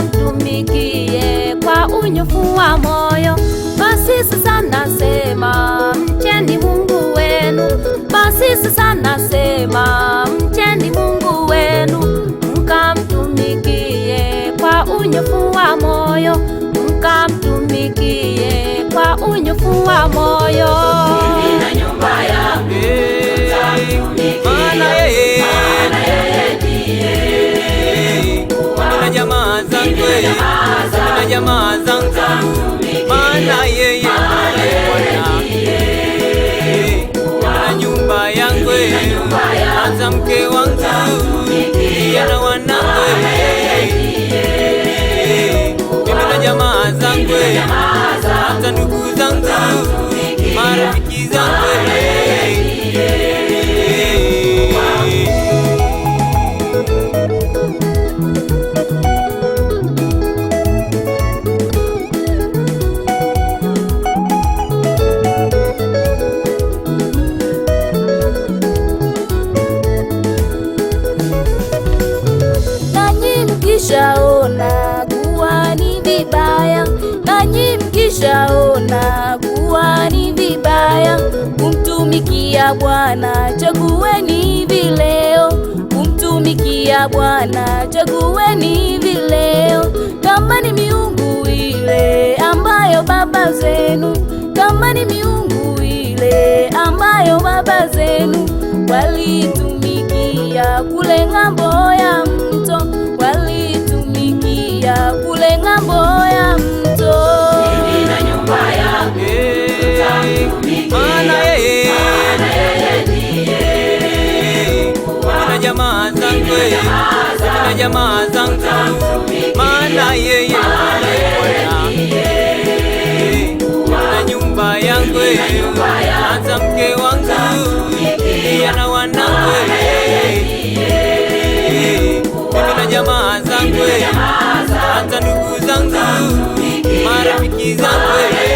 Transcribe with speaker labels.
Speaker 1: mtumikie kwa unyofu wa moyo. Basi sasa nasema mcheni Mungu wenu, basi sasa nasema mcheni Mungu wenu, mkamtumikie kwa unyofu wa moyo, mkamtumikie kwa unyofu wa moyo.
Speaker 2: maana yeye ana nyumba yangu, hata mke wangu na wanangu, mimi na jamaa zangu, hata ndugu zangu, marafiki zangu
Speaker 1: mkishaona kuwa ni vibaya, nanyi mkishaona kuwa ni vibaya kumtumikia Bwana, chagueni hivi leo kumtumikia Bwana, chagueni hivi leo. Kama ni miungu ile ambayo baba zenu, kama ni miungu ile ambayo baba zenu walitumikia kule ng'ambo ya
Speaker 2: na jamaa zangu, maana yeye na nyumba yangu anza mke wangu na wanangu, mimi na jamaa zangu, hata ndugu zangu, marafiki zangu